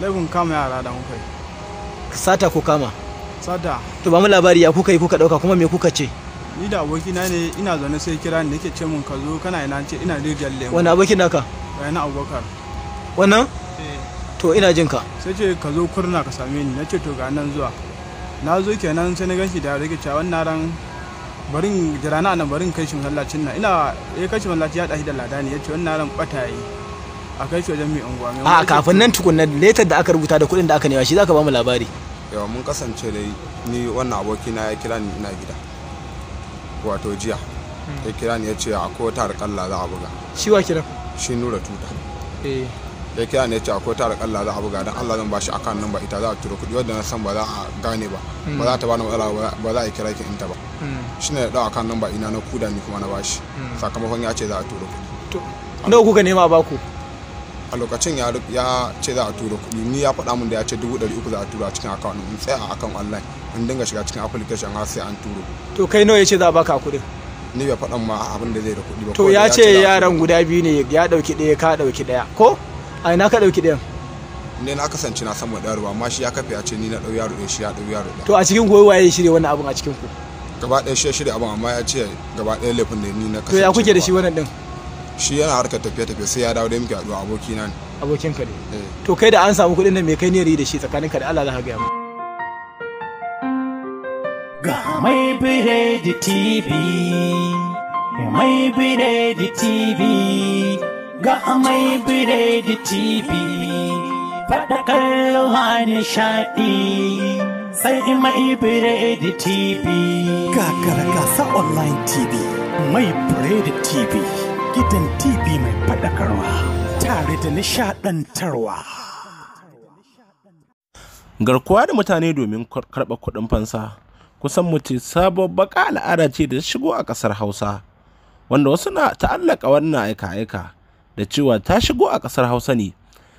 laifin kama yara da muka yi sata ko kama sata to ba mu labari ya kuka yi kuka dauka kuma me kuka ce ni da abokina ne ina zaune sai kira ni nake ce mun ka zo kana ina ce ina rijiyar lemu wani abokin naka bayan eh, abokar wannan eh. to ina jin ka sai ce ka zo kurna ka same ni nace to ga nan zuwa na zo kenan sai na ganshi da rike cewa wannan ran barin jirana nan barin kai shi hallacin nan ina eh kai shin hallaci ya dahi da ladani yace wannan ran bata yi a kai shi wajen mai unguwa a kafin nan tukunna letar da aka rubuta da kuɗin da aka nema shi zaka ba mu labari yawa mun kasance dai ni wannan aboki na ya kira ni ina gida wato jiya hmm. ya kira ni ya ce a ko tar kalla za a buga shi wa kira shi nura tuta eh. ya kira ni ya ce a ko tar kalla za a buga dan Allah zan shi akan nan ba ita za a turo kuɗi wanda na san ba za a gane ba hmm. ba za ta bani matsala ba za a kira ki in ta ba hmm. shine ne dawo akan nan ba ina na kuda ni kuma na bashi sakamakon ya ce za a turo kuɗi nawa kuka nema a baku a lokacin ya ce za a tura kuɗi ni ya faɗa min da ya ce dubu ɗari uku za a tura cikin account in tsaya a akan online in dinga shiga cikin application har sai an turo to kai nawa ya ce za a baka kuɗin ni bai faɗan ma abin da zai da kuɗi ba to ya ce yaran guda biyu ne ya ɗauki ɗaya ka ɗauki ɗaya ko a ina ka ɗauki ɗayan ne na kasance na san da ruwa amma shi ya kafe ya ce ni na ɗau yaro ɗaya shi ya ɗau yaro to a cikin goyi waye shirya wannan abin a cikin ku gaba ɗaya shi ya shirya abin amma ya ce gaba ɗaya laifin da ni na kasance to ya kuke da shi wannan ɗin shi yana harkar tafiye-tafiye sai ya dawo da muke haɗuwa aboki nan abokin ka ne eh. to kai da an samu kuɗin nan me kai ne da shi tsakanin ka da Allah za ka gaya mu ga mai biredi tv mai biredi tv ga mai biredi tv fada kallo nishaɗi sai in mai biredi TV. karaka gasa online TV, mai biredi TV. gidan TV mai faɗakarwa tare da nishaɗantarwa. Garkuwa da mutane domin karɓa kuɗin fansa kusan mu ce sabon baka al'ada ce da shigo a ƙasar Hausa wanda wasu na ta'allaka wannan aika-aika da cewa ta shigo a ƙasar Hausa ne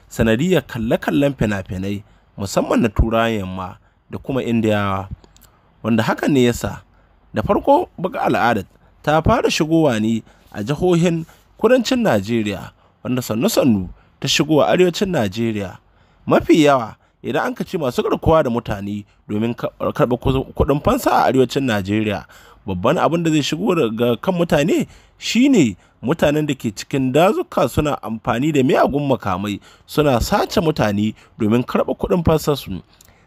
sanadiyar kalle-kallen fina-finai musamman na turawan yamma da kuma indiyawa wanda hakan ne yasa da farko baka al'ada ta fara shigowa ne a jihohin kudancin Najeriya wanda sannu-sannu ta shigo a arewacin Najeriya. Mafi yawa idan an ce masu garkuwa da mutane domin karba kuɗin fansa a arewacin Najeriya babban abin da zai shigo daga kan mutane shine mutanen da ke cikin dazuka suna amfani da miyagun makamai suna sace mutane domin karɓa kuɗin fansarsu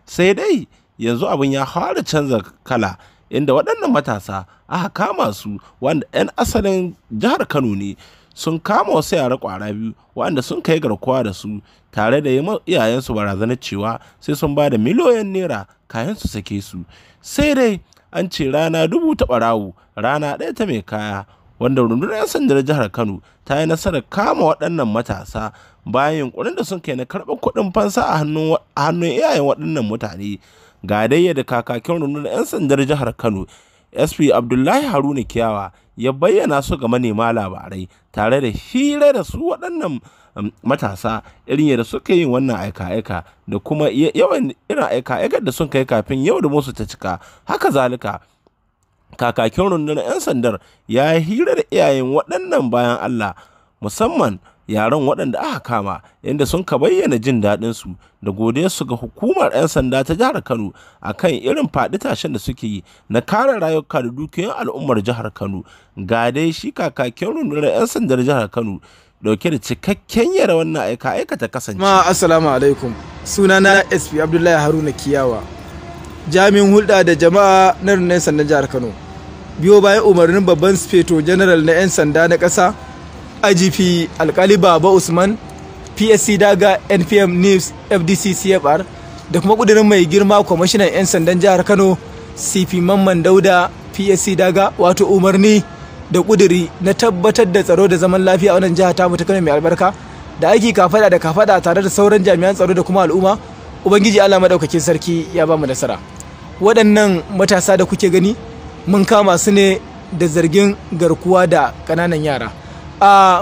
sai dai yanzu abin ya fara canza kala inda waɗannan matasa aka kama su wanda 'yan asalin jihar kano ne sun kama wasu yara kwara biyu waɗanda sun kai garkuwa da su tare da iyayensu barazanar cewa sai sun ba da miliyoyin naira kayan su sake su sai dai an ce rana dubu ta ɓarawo rana ɗaya ta mai kaya wanda rundunar 'yan sandar jihar kano ta yi nasarar kama waɗannan matasa bayan yunkurin da sun kai na karɓar kuɗin fansa a hannun iyayen waɗannan mutane ga dai yadda kakakin rundunar 'yan sandar jihar kano sp abdullahi haruna kiyawa ya bayyana su ga manema labarai tare da hira da su waɗannan um, matasa irin yadda suka yi wannan aika-aika da kuma yawan irin aika aika da sun kai kafin yau da musu ta cika haka zalika kakakin rundunar 'yan sandar ya hira da iyayen waɗannan bayan allah musamman yaran waɗanda aka kama inda sun ka bayyana jin daɗinsu da godiyarsu ga hukumar 'yan sanda ta jihar kano a kan irin faɗi tashen da suke yi na kare rayuka da dukiyoyin al'ummar jihar kano ga dai shi kakakin rundunar 'yan sandar jihar kano dauke da cikakken yara wannan aika aikata kasance. ma assalamu alaikum sunana sp abdullahi haruna kiyawa jami'in hulɗa da jama'a na rundunar jihar kano biyo bayan umarnin babban sufeto general na 'yan sanda na ƙasa igp alkali baba usman psc daga npm news fdc cfr da kuma kudirin mai girma kwamishinan 'yan sandan jihar kano cp mamman dauda psc daga wato umarni da kuduri na tabbatar da tsaro da zaman lafiya a wannan jihar ta ta kano mai albarka da aiki kafada da kafada tare da sauran jami'an tsaro da kuma al'umma ubangiji allah maɗaukakin sarki ya ba mu nasara waɗannan matasa da kuke gani mun kama su ne da zargin garkuwa da ƙananan yara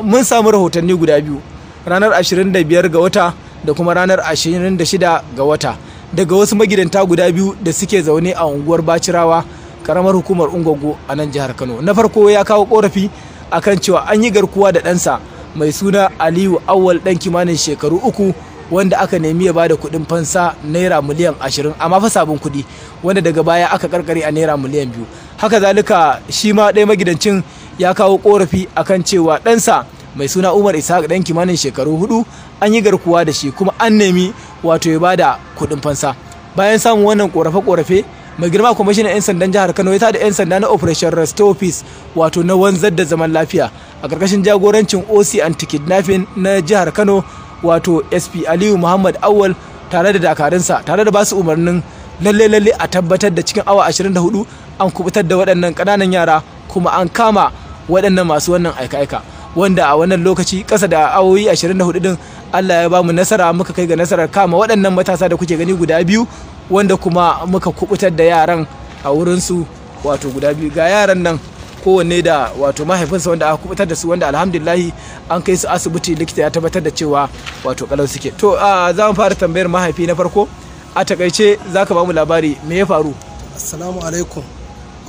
mun samu rahotanni guda biyu ranar 25 ga wata da kuma ranar 26 ga wata daga wasu magidanta guda biyu da suke zaune a unguwar bacirawa karamar hukumar ungogo a nan jihar kano na farko ya kawo korafi akan cewa an yi garkuwa da ɗansa mai suna aliyu awwal ɗan kimanin shekaru uku wanda aka nemi ya bada kuɗin fansa naira miliyan ashirin amma fa sabon kuɗi wanda daga baya aka karkare a naira miliyan biyu haka zalika shi ma ɗaya magidancin ya kawo korafi akan cewa ɗansa mai suna umar ishaq ɗan kimanin shekaru hudu an yi garkuwa da shi kuma an nemi wato ya bada kuɗin fansa bayan samun wannan korafe-korafe mai girma kwamishinan 'yan sandan jihar kano ya tada 'yan sanda na operation restore peace wato na wanzar da zaman lafiya a karkashin jagorancin oc anti kidnapping na jihar kano wato sp aliyu muhammad awal tare da dakarunsa tare da basu umarnin lalle lalle a tabbatar da cikin awa 24 an kubutar da waɗannan ƙananan yara kuma an kama waɗannan masu wannan aika-aika wanda a wannan lokaci ƙasa da awoyi 24 din Allah ya ba mu nasara muka kai ga nasarar kama waɗannan matasa da kuke gani guda biyu wanda kuma muka kubutar da yaran a wurinsu wato guda biyu ga yaran nan kowanne da wato mahaifinsa wanda aka kubutar da su wanda alhamdulillahi an kai su asibiti likita ya tabbatar da cewa wato kalau suke to za mu fara tambayar mahaifi na farko a takaice za ka ba mu labari me ya faru assalamu alaikum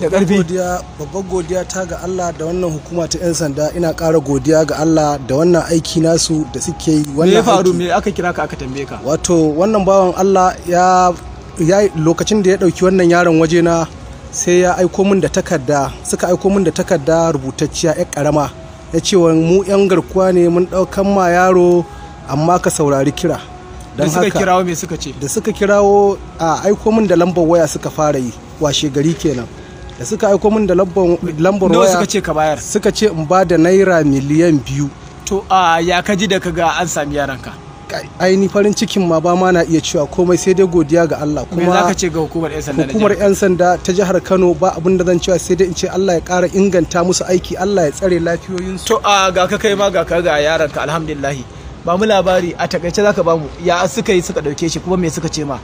da ƙarfi babbar godiya ta ga Allah da wannan hukuma ta 'yan sanda ina ƙara godiya ga Allah da wannan aiki nasu da suke yi wannan faru me aka kira ka aka tambaye ka wato wannan bawan Allah ya lokacin da ya ɗauki wannan yaron waje na sai ya aiko min da takarda suka aiko min da takarda rubutacciya ya ƙarama ya ce wa mu 'yan garkuwa ne mun ɗaukan ma yaro amma ka saurari kira da suka kirawo me suka ce da suka kirawo a aiko min da lambar waya suka fara yi washe gari kenan da suka aiko min da lambar waya suka ce ka bayar suka ce in ba da naira miliyan biyu to a ya ka ji da ka ga an sami yaranka aini farin cikin ma ba ma na iya cewa komai sai dai godiya ga Allah kuma za ka ce ga hukumar yan sanda hukumar yan sanda ta jihar Kano ba abin da zan cewa sai dai in ce Allah ya kara inganta musu aiki Allah ya tsare lafiyoyinsu to a ga ka kai ma ga ka ga yaranka alhamdulillah ba mu labari a takaice zaka ba mu ya suka yi suka dauke shi kuma me suka ce ma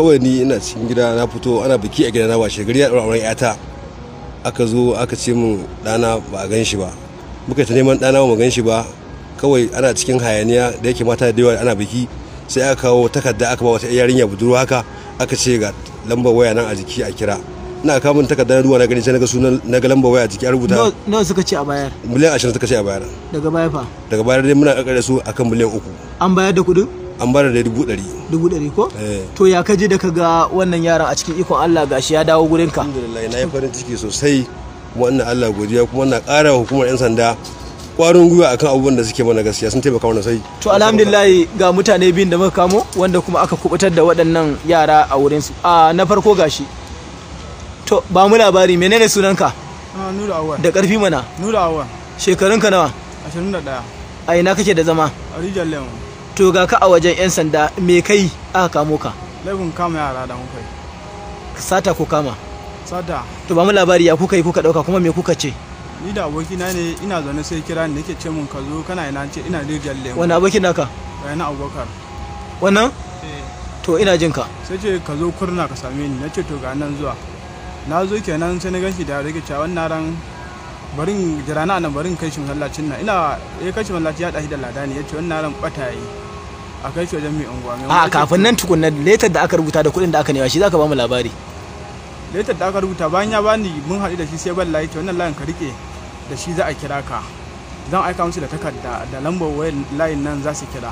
kawai ni ina cikin gida na fito ana biki a gida na washe gari ya daura auren yata aka zo aka ce mu dana ba a gan shi ba muka ta neman dana ba gan shi ba kawai ana cikin hayaniya da yake mata da yawa ana biki sai aka kawo takarda aka ba wata yarinya budurwa haka aka ce ga lambar waya nan a jiki a kira ina ka mun takardar ruwa na gani sai naga sunan naga lambar waya a jiki a rubuta nawa suka ce a bayar miliyan 20 suka ce a bayar daga baya fa daga bayar dai muna karkare su akan miliyan 3 an bayar da kudin an bada da dubu ɗari dubu ɗari ko eh. to ya kaji da kaga wannan yaran a cikin ikon Allah gashi ya dawo gurin ka alhamdulillah na yi farin ciki sosai kuma ina Allah godiya kuma na ƙara hukumar yan sanda kwarin gwiwa akan abubuwan da suke mana gaskiya sun taimaka mana sai to alhamdulillah ga mutane biyun da muka kamo wanda kuma aka kubutar da waɗannan yara a wurin su a na farko gashi to ba mu labari menene sunanka ah, nura awal da ƙarfi mana nura awal shekarunka nawa 21 a ina kake da zama a rijal lemon to ga ka a wajen 'yan sanda me kai aka kamo ka laifin kama yara da muka yi sata ko kama sata to ba mu labari ya kuka yi kuka dauka kuma me kuka ce ni da abokina ne ina zaune sai kira ni nake ce mun ka zo kana ina ce ina rijiyar lemu wani aboki naka wani eh, abokar wannan eh. to ina jin ka sai ce ka zo kurna ka same ni nace to ga nan zuwa na zo kenan sai na ganshi da rage cewa wannan ran barin jirana nan barin kai shin masallacin nan ina eh kai shin masallaci ya dahi da ladani yace wannan ran bata yi a kai shi wajen mai unguwa mai a kafin nan tukunna letar da aka rubuta da kuɗin da aka nema shi zaka ba mu labari letar da aka rubuta bayan ya bani mun haɗu da shi sai ban layi wannan layin ka rike da shi za a kira ka zan aika musu da takarda da lambar wayar layin nan za su kira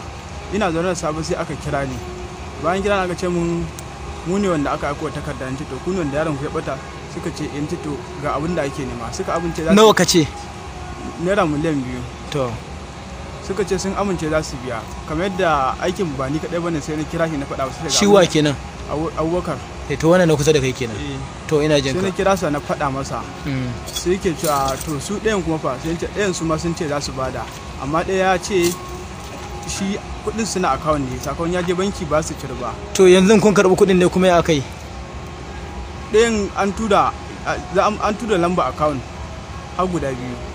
ina zaune da sabu sai aka kira ni bayan kira aka ce mun mu ne wanda aka aiko takarda in tito ku ne wanda yaron ku ya bata suka ce in tito ga abin da ake nema suka abince za nawa ka ce naira miliyan biyu to suka ce sun amince za su biya kamar yadda aikin ba ni kaɗai bane sai na kira shi na faɗa wasu shi wa kenan abubakar e to wannan na kusa da kai kenan eh. to ina jin ka sai na kira sa na faɗa masa mm. sai ke cewa to su ɗayan kuma fa sai ɗayan su ma sun ce za su bada amma ɗaya ya ce shi kuɗin suna akawun ne sakon ya je banki ba su cire ba to yanzu kun karɓi kuɗin ne kuma ya akai ɗayan an tuda an tuda lamba akawun har guda biyu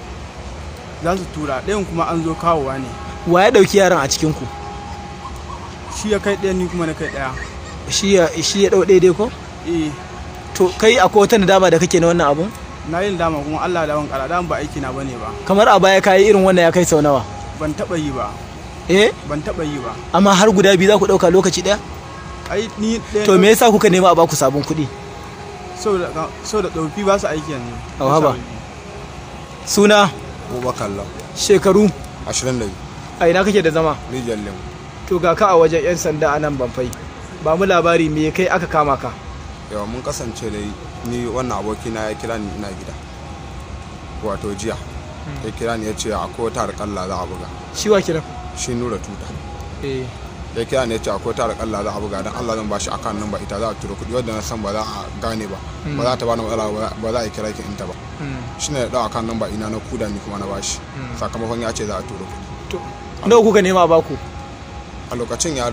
za su tura ɗayan kuma an zo kawowa ne wa ya ɗauki yaran a cikin ku shi ya kai ɗaya ni kuma na kai ɗaya shi ya shi ya ɗau ɗaya ko eh to kai akwai wata nadama da kake na wannan abun na yi dama kuma Allah da wankara dama ba aiki na bane ba kamar a baya kayi irin wannan ya kai sau nawa ban taɓa yi ba eh ban taɓa yi ba amma har guda biyu za ku ɗauka lokaci ɗaya. ai ni to me yasa kuka nema a baku sabon kuɗi saboda saboda ɗaufi ba su aiki yanzu haba suna Abubakar Lam. Shekaru? 22. A ina kake da zama? Rijiyar Lemu. To ga ka a wajen 'yan sanda a nan Banfai. Ba mu labari me kai aka kama ka? Yawa mun kasance dai ni wannan abokina ya kira ni ina gida. Wato jiya. Hmm. Ya kira ni ya ce a wata kalla za a buga. Shi wa kira? Shi Nura Tuta. Eh. ya kira ne ya ce akwai tarar Allah za a buga dan Allah zan bashi akan nan ba ita za a turo kuɗi wanda na san ba za a gane ba ba za ta bani matsala ba za a kira ki inta ta ba shine da dawo akan nan ba ina na kuda ni kuma na bashi sakamakon ya ce za a turo kuɗi nawa kuka nema ba ku a lokacin ya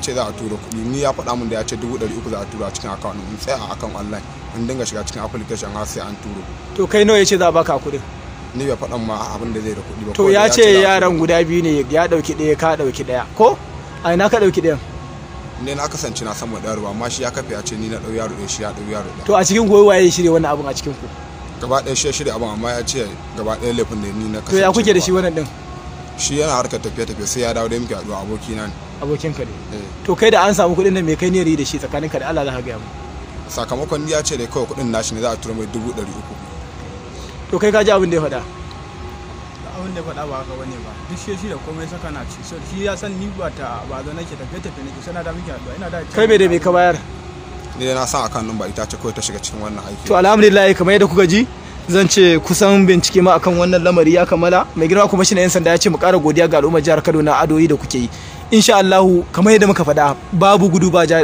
ce za a turo kuɗi ni ya faɗa min da ya ce dubu ɗari uku za a tura cikin akawun in tsaya a akan online in dinga shiga cikin application har sai an turo to kai nawa ya ce za a baka kuɗin ni bai faɗa ma abin da zai da kuɗi ba to ya ce yaran guda biyu ne ya ɗauki ɗaya ka ɗauki ɗaya ko a ina ka ɗauki ɗayan ne na kasance na san mai ɗaya ruwa amma shi ya kafe a ce ni na ɗau yaro ɗaya shi ya ɗau yaro to a cikin goyi waye shirya wannan abin a cikin ku gaba ɗaya shi shirya abin amma ya ce gaba ɗaya laifin da ni na kasance to ya kuke da shi wannan ɗin shi yana harkar tafiye-tafiye sai ya dawo da muke aboki abokina ne ka ne eh. to kai da an samu kuɗin nan me kai ne da shi tsakanin ka da Allah za ka gaya mu sakamakon ya ce da kawai kuɗin nashi ne za a tura mai dubu ɗari uku to kai ka ji abin da ya faɗa wanda ya faɗa ba haka bane ba duk shi shi da komai saka na ci shi ya san ni ba ta ba zo nake tafiye tafiye nake sana da muke addu'a ina da kai me da me ka bayar ni na san akan nan ba ita ce kawai ta shiga cikin wannan aiki to alhamdulillah kamar yadda kuka ji zan ce kusan bincike ma akan wannan lamari ya kammala mai girma kuma shi na yan sanda ya ce mu ƙara godiya ga al'ummar jihar na adoyi da kuke yi insha Allahu kamar yadda muka faɗa babu gudu ba ja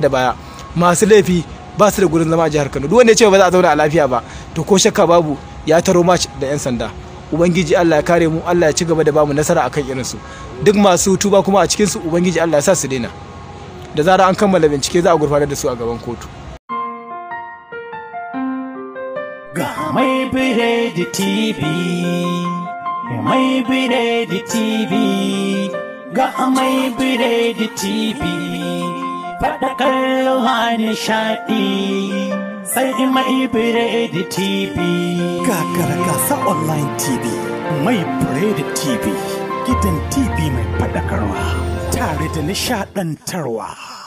da baya masu laifi ba su da gurin zama a jihar Kano duk wanda ya ce ba za a zauna a lafiya ba to ko shakka babu ya taro match da yan sanda ubangiji Allah ya kare mu Allah ya ci gaba da bamu nasara akan irin su duk masu tuba kuma a cikin su ubangiji Allah ya sa su daina da zara an kammala bincike za a gurfanar da su a gaban kotu ga mai biredi tv mai biredi tv ga mai biredi tv fada kallo ha nishaɗi sai in mai da TV. Gagara gasa online TV, mai biredi TV, gidan TV mai faɗakarwa, tare da nishaɗantarwa.